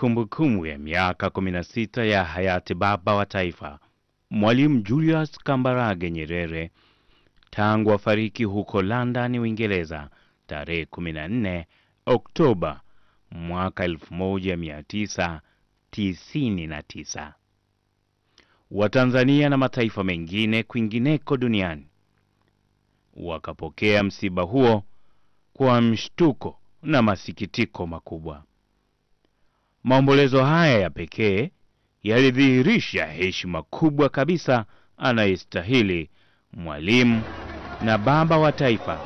kumbukumbu kumbu ya miaka 16 ya hayati baba wa taifa Mwalimu Julius Kambarage Nyerere tangu afariki huko London, Uingereza tarehe 14 Oktoba mwaka 1999. Watanzania na mataifa mengine kwingineko duniani wakapokea msiba huo kwa mshtuko na masikitiko makubwa. Maombolezo haya ya pekee yalidhihirisha heshima kubwa kabisa anayestahili mwalimu na baba wa taifa,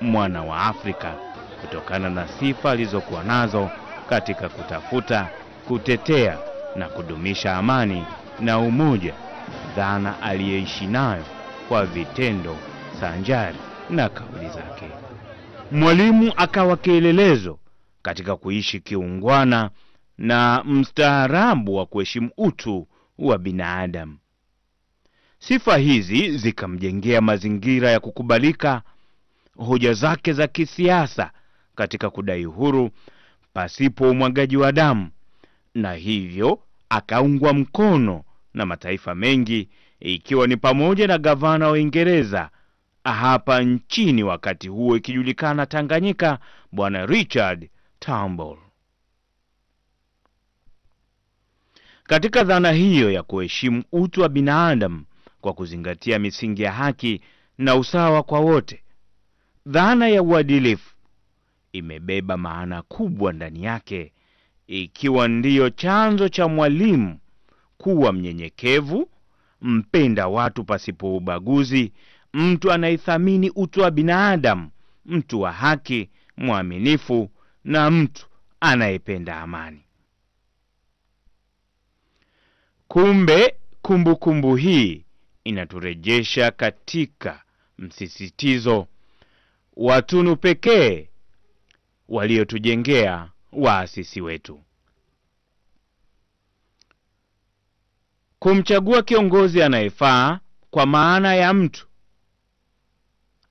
mwana wa Afrika, kutokana na sifa alizokuwa nazo katika kutafuta, kutetea na kudumisha amani na umoja, dhana aliyeishi nayo kwa vitendo sanjari na kauli zake. Mwalimu akawa kielelezo katika kuishi kiungwana na mstaarabu wa kuheshimu utu wa binadamu. Sifa hizi zikamjengea mazingira ya kukubalika hoja zake za kisiasa katika kudai uhuru pasipo umwagaji wa damu, na hivyo akaungwa mkono na mataifa mengi ikiwa ni pamoja na gavana wa Uingereza hapa nchini wakati huo ikijulikana Tanganyika, Bwana Richard Turnbull. Katika dhana hiyo ya kuheshimu utu wa binadamu kwa kuzingatia misingi ya haki na usawa kwa wote, dhana ya uadilifu imebeba maana kubwa ndani yake, ikiwa ndiyo chanzo cha Mwalimu kuwa mnyenyekevu, mpenda watu pasipo ubaguzi, mtu anayethamini utu wa binadamu, mtu wa haki, mwaminifu na mtu anayependa amani. Kumbe kumbukumbu kumbu hii inaturejesha katika msisitizo wa tunu pekee waliotujengea waasisi wetu. Kumchagua kiongozi anayefaa kwa maana ya mtu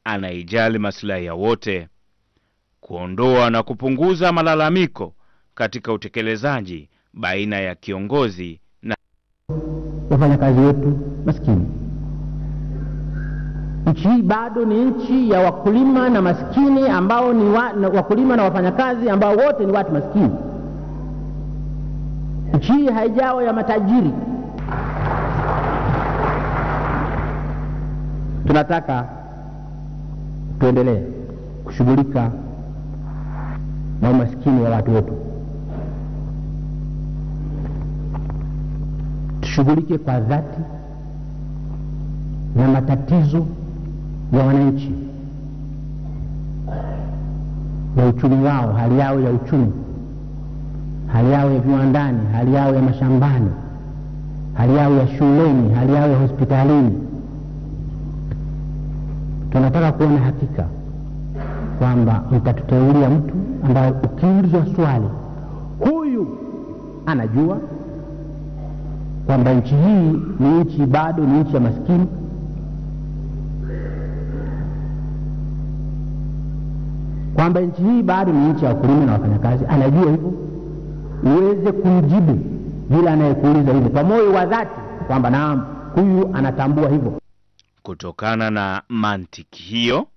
anaijali masilahi ya wote, kuondoa na kupunguza malalamiko katika utekelezaji baina ya kiongozi wafanya kazi wetu maskini nchi hii bado ni nchi ya wakulima na maskini ambao ni wa, na wakulima na wafanyakazi ambao wote ni watu maskini nchi hii haijawa ya matajiri tunataka tuendelee kushughulika na umaskini wa watu wetu ishughulike kwa dhati na matatizo ya wananchi ya uchumi wao, hali yao ya uchumi, hali yao ya viwandani, hali yao ya mashambani, hali yao ya shuleni, hali yao ya hospitalini. Tunataka kuona hakika kwamba mtatuteulia mtu ambaye ukiulizwa swali, huyu anajua kwamba nchi hii ni nchi bado ni nchi ya maskini kwamba nchi hii bado ni nchi ya wakulima na wafanyakazi anajua hivyo uweze kumjibu yule anayekuuliza hivyo kwa moyo wa dhati kwamba naam huyu anatambua hivyo kutokana na mantiki hiyo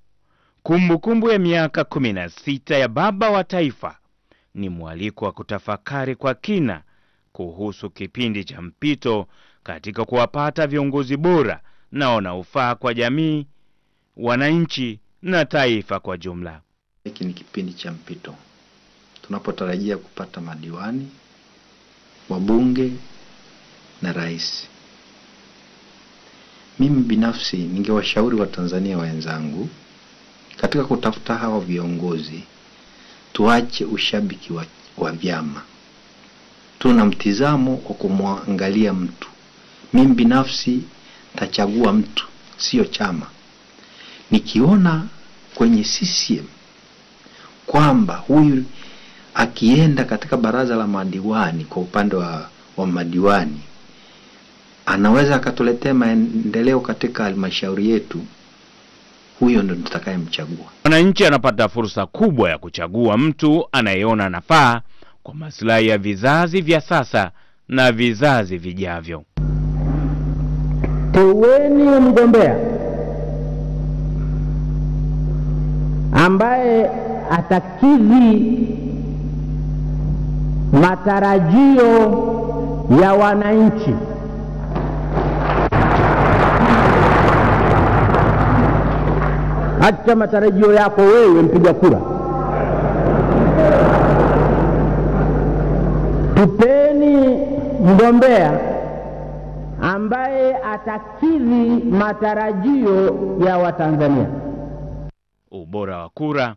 kumbukumbu kumbu ya miaka kumi na sita ya baba wa taifa ni mwaliko wa kutafakari kwa kina kuhusu kipindi cha mpito katika kuwapata viongozi bora na wanaofaa kwa jamii, wananchi na taifa kwa jumla. Hiki ni kipindi cha mpito tunapotarajia kupata madiwani, wabunge na rais. Mimi binafsi ningewashauri Watanzania wenzangu katika kutafuta hawa viongozi, tuache ushabiki wa, wa vyama tuna mtizamo wa kumwangalia mtu. Mimi binafsi tachagua mtu, sio chama. Nikiona kwenye CCM kwamba huyu akienda katika baraza la madiwani kwa upande wa, wa madiwani anaweza akatuletea maendeleo katika halmashauri yetu, huyo ndo tutakayemchagua. Mwananchi anapata fursa kubwa ya kuchagua mtu anayeona nafaa kwa maslahi ya vizazi vya sasa na vizazi vijavyo. Teueni mgombea ambaye atakidhi matarajio ya wananchi. hata matarajio yako wewe mpiga kura. tupeni mgombea ambaye atakidhi matarajio ya Watanzania. Ubora wa kura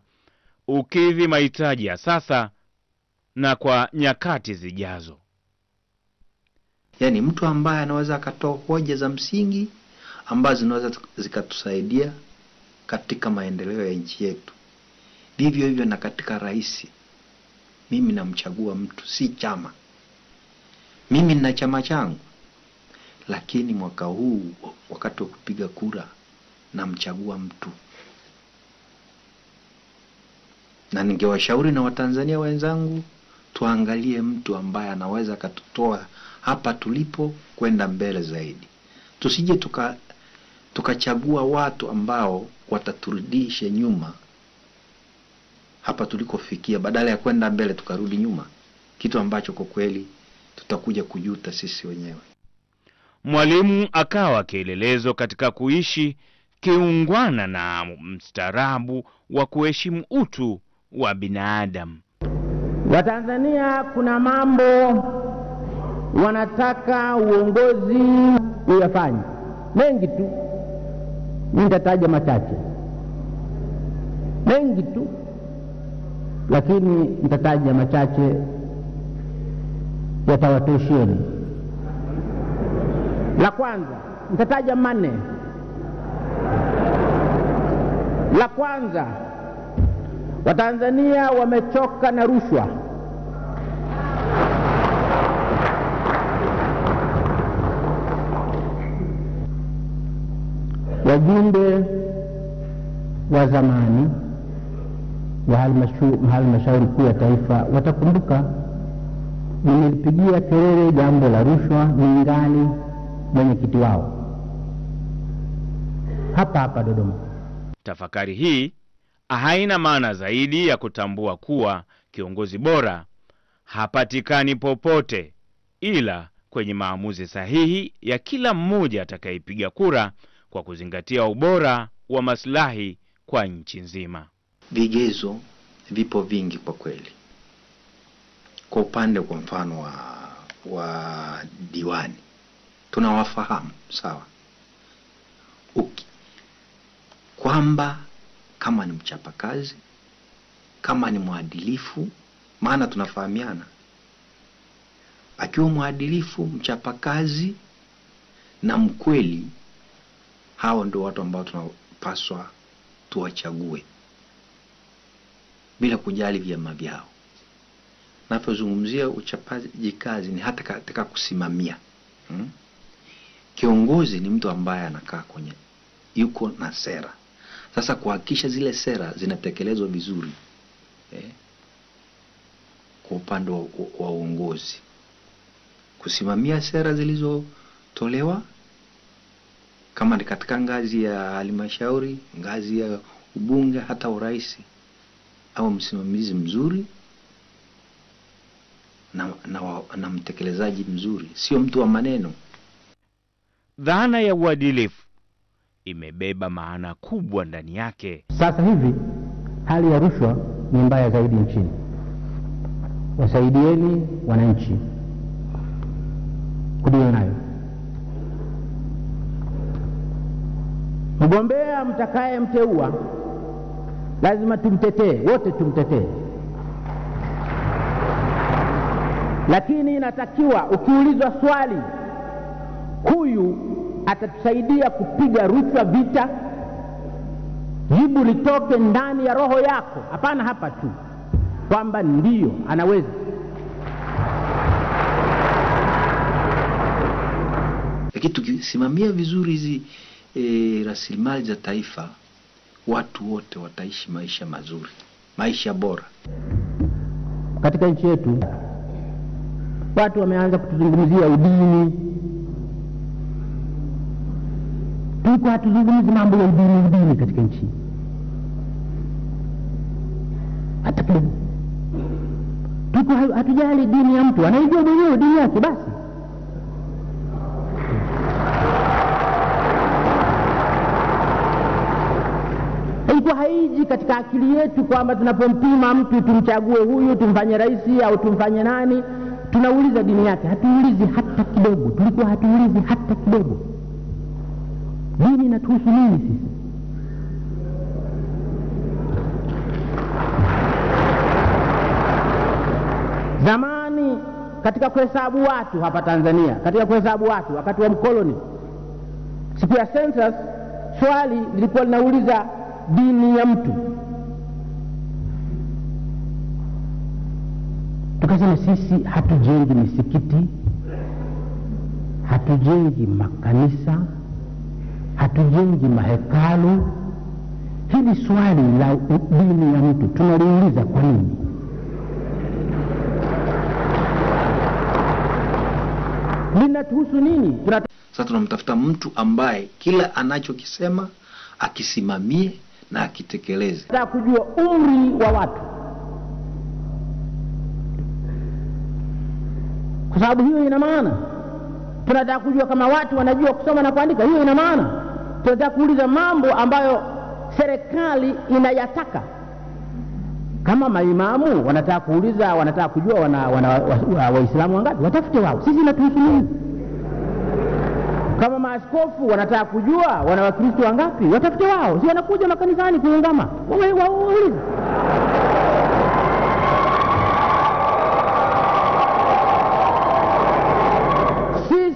ukidhi mahitaji ya sasa na kwa nyakati zijazo. Yaani mtu ambaye anaweza akatoa hoja za msingi ambazo zinaweza zikatusaidia katika maendeleo ya nchi yetu, vivyo hivyo na katika rais mimi namchagua mtu, si chama. Mimi nina chama changu, lakini mwaka huu wakati wa kupiga kura namchagua mtu, na ningewashauri na Watanzania wenzangu tuangalie mtu ambaye anaweza akatutoa hapa tulipo kwenda mbele zaidi. Tusije tuka tukachagua watu ambao wataturudisha nyuma hapa tulikofikia, badala ya kwenda mbele tukarudi nyuma, kitu ambacho kwa kweli tutakuja kujuta sisi wenyewe. Mwalimu akawa kielelezo katika kuishi kiungwana na mstaarabu wa kuheshimu utu wa binadamu. Watanzania kuna mambo wanataka uongozi uyafanye mengi tu, nitataja machache mengi tu lakini nitataja machache yatawatosheni. La kwanza nitataja manne. La kwanza, Watanzania wamechoka na rushwa. Wajumbe wa zamani wa halmashauri kuu ya taifa watakumbuka nimelipigia kelele jambo la rushwa ningali mwenyekiti wao hapa hapa Dodoma. Tafakari hii haina maana zaidi ya kutambua kuwa kiongozi bora hapatikani popote, ila kwenye maamuzi sahihi ya kila mmoja atakayepiga kura kwa kuzingatia ubora wa maslahi kwa nchi nzima. Vigezo vipo vingi kwa kweli, kwa upande kwa mfano wa, wa diwani tunawafahamu sawa, uki kwamba kama ni mchapakazi, kama ni mwadilifu, maana tunafahamiana, akiwa mwadilifu, mchapakazi na mkweli, hao ndio watu ambao tunapaswa tuwachague bila kujali vyama vyao. Napozungumzia uchapaji kazi ni hata katika kusimamia hmm? Kiongozi ni mtu ambaye anakaa kwenye yuko na sera. Sasa kuhakikisha zile sera zinatekelezwa vizuri eh? Kwa upande wa, uongozi kusimamia sera zilizotolewa kama ni katika ngazi ya halmashauri, ngazi ya ubunge, hata urais au msimamizi mzuri na, na, na mtekelezaji mzuri, sio mtu wa maneno. Dhana ya uadilifu imebeba maana kubwa ndani yake. Sasa hivi hali ya rushwa ni mbaya zaidi nchini. Wasaidieni wananchi kudiwa nayo. Mgombea mtakayemteua lazima tumtetee wote tumtetee lakini inatakiwa ukiulizwa swali huyu atatusaidia kupiga rushwa vita jibu litoke ndani ya roho yako hapana hapa tu kwamba ndiyo anaweza lakini tukisimamia vizuri hizi e, rasilimali za taifa watu wote wataishi maisha mazuri, maisha bora katika nchi yetu. Watu wameanza kutuzungumzia udini, tuko hatuzungumzi mambo ya udini, udini katika nchi hata tuko hatujali dini ya mtu, anaijua mwenyewe dini yake basi haiwezi katika akili yetu kwamba tunapompima mtu tumchague huyu tumfanye rais au tumfanye nani tunauliza dini yake hatuulizi hata kidogo tulikuwa hatuulizi hata kidogo dini inatuhusu nini sisi zamani katika kuhesabu watu hapa tanzania katika kuhesabu watu wakati wa mkoloni siku ya census swali lilikuwa linauliza dini ya mtu. Tukasema sisi hatujengi misikiti, hatujengi makanisa, hatujengi mahekalu. Hili swali la dini ya mtu tunaliuliza kwa nini? linatuhusu nini? Sasa tunamtafuta mtu ambaye kila anachokisema akisimamie na akitekeleze. na kujua umri wa watu, kwa sababu hiyo ina maana tunataka kujua kama watu wanajua kusoma na kuandika. Hiyo ina maana tunataka kuuliza mambo ambayo serikali inayataka kama maimamu wanataka kuuliza, wanataka kujua wana, wana, Waislamu wa, wa, wa wangapi, watafute wao, sisi natuhusu nini? Kama maaskofu wanataka kujua wana wakristo wangapi, watafute wao, si wanakuja makanisani kuungama, waulize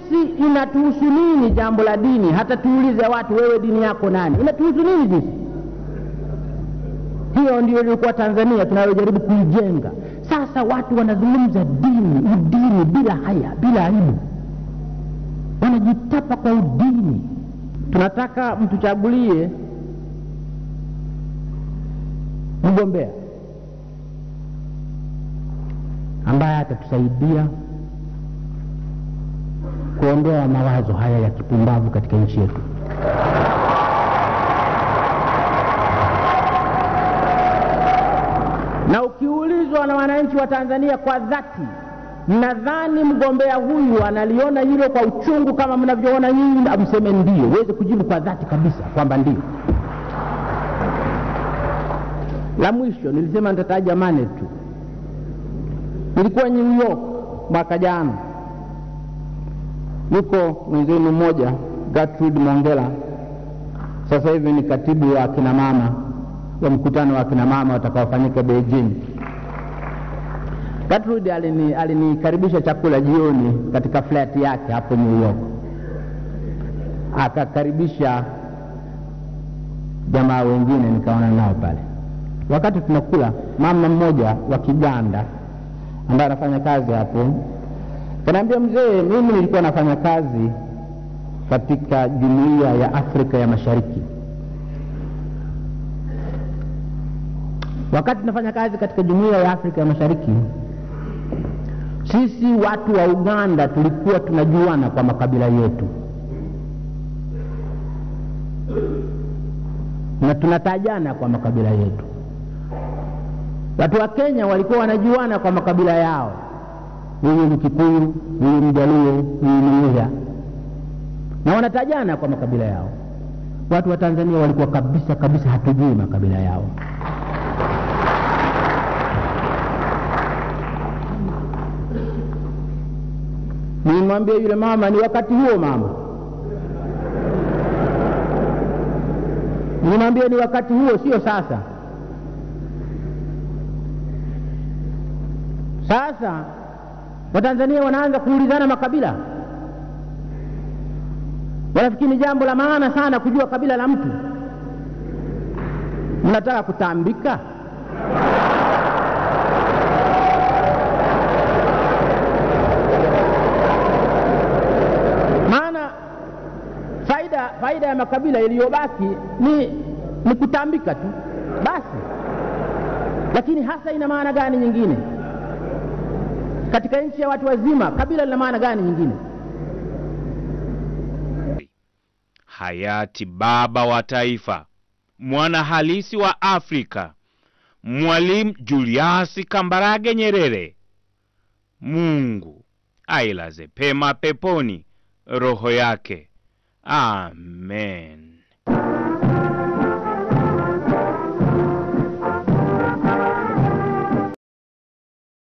sisi inatuhusu nini jambo la dini? Hata tuulize watu, wewe dini yako nani? Inatuhusu nini sisi? Hiyo ndio ilikuwa Tanzania tunayojaribu kuijenga. Sasa watu wanazungumza dini, udini bila haya, bila aibu amejitapa kwa udini. Tunataka mtuchagulie mgombea ambaye atatusaidia kuondoa mawazo haya ya kipumbavu katika nchi yetu. Na ukiulizwa na wananchi wa Tanzania kwa dhati nadhani mgombea huyu analiona hilo kwa uchungu kama mnavyoona nyinyi, amseme ndio, uweze kujibu kwa dhati kabisa kwamba ndio. La mwisho nilisema nitataja mane tu. Nilikuwa New York mwaka jana, yuko mwenzenu mmoja Gertrude Mongela, sasa hivi ni katibu wa akinamama wa mkutano wa akinamama watakaofanyika Beijing. Gertrude alini alinikaribisha chakula jioni katika flat yake hapo New York, akakaribisha jamaa wengine nikaona nao pale. Wakati tunakula, mama mmoja wa Kiganda ambaye anafanya kazi hapo kanaambia, mzee, mimi nilikuwa nafanya kazi katika jumuiya ya Afrika ya Mashariki. Wakati nafanya kazi katika jumuiya ya Afrika ya Mashariki sisi watu wa Uganda tulikuwa tunajuana kwa makabila yetu na tunatajana kwa makabila yetu. Watu wa Kenya walikuwa wanajuana kwa makabila yao, huyu ni huyu Mjaluo, huyu ni na wanatajana kwa makabila yao. Watu wa Tanzania walikuwa kabisa kabisa hatujui makabila yao. Amwambie yule mama, ni wakati huo mama, nimwambie ni wakati huo, sio sasa. Sasa Watanzania wanaanza kuulizana makabila, wanafikiri ni jambo la maana sana kujua kabila la mtu. Mnataka kutambika faida ya makabila iliyobaki ni, ni kutambika tu basi. Lakini hasa ina maana gani nyingine katika nchi ya watu wazima? Kabila lina maana gani nyingine? Hayati baba wa taifa, mwana halisi wa Afrika, Mwalimu Julius Kambarage Nyerere, Mungu ailaze pema peponi roho yake. Amen.